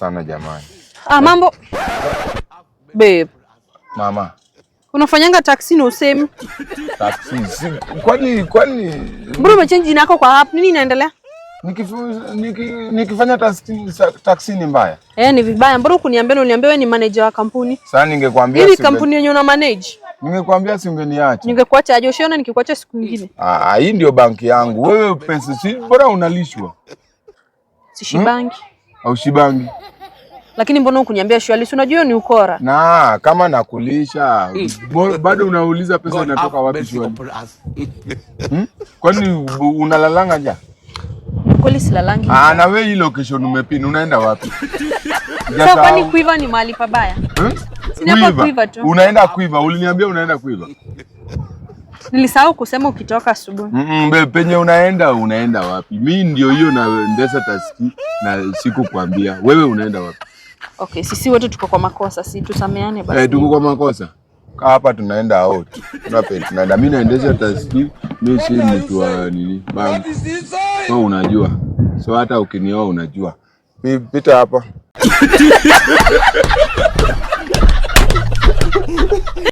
sana jamani. Ah, mambo babe. Mama, unafanyanga taxi na usemi Taxi. Kwani kwani mbona umechange jina yako kwa app? Nini inaendelea? Nikifanya taxi ni mbaya eh? Ni vibaya. Mbona ukuniambia? Uniambia wewe ni manager wa kampuni. Sasa ningekwambia hii kampuni yenyewe una manage Ningekuambia singeniacha. Ningekuacha aje, ushaona nikikuacha siku nyingine. Ah, ah, hii ndio banki yangu. Wewe pesa si bora unalishwa. Sishi banki. Hmm? Aushibangi. Lakini mbona ukuniambia shwali? Si unajua ni ukora. Na kama nakulisha bado unauliza pesa inatoka wapi shwali? Hmm? Kwani unalalanga nja? Kweli silalangi. Ah, na wewe hii location umepini, unaenda wapi? Sasa kwani kuiva ni mahali pabaya? Hmm? Kuiva. Kuiva tu. Unaenda kuiva. Uliniambia unaenda kuiva. Nilisahau kusema ukitoka asubuhi. Mm -mm, penye unaenda unaenda wapi? Mi ndio hiyo naendesha taski na sikukwambia wewe unaenda wapi? Okay, sisi wote tuko kwa makosa, si tusameane basi. Eh, tuko kwa makosa hapa tunaenda out. Tunaenda mimi naendesha taski, mimi si mtu wa nini bangu. So unajua, so hata ukinioa unajua, pita hapa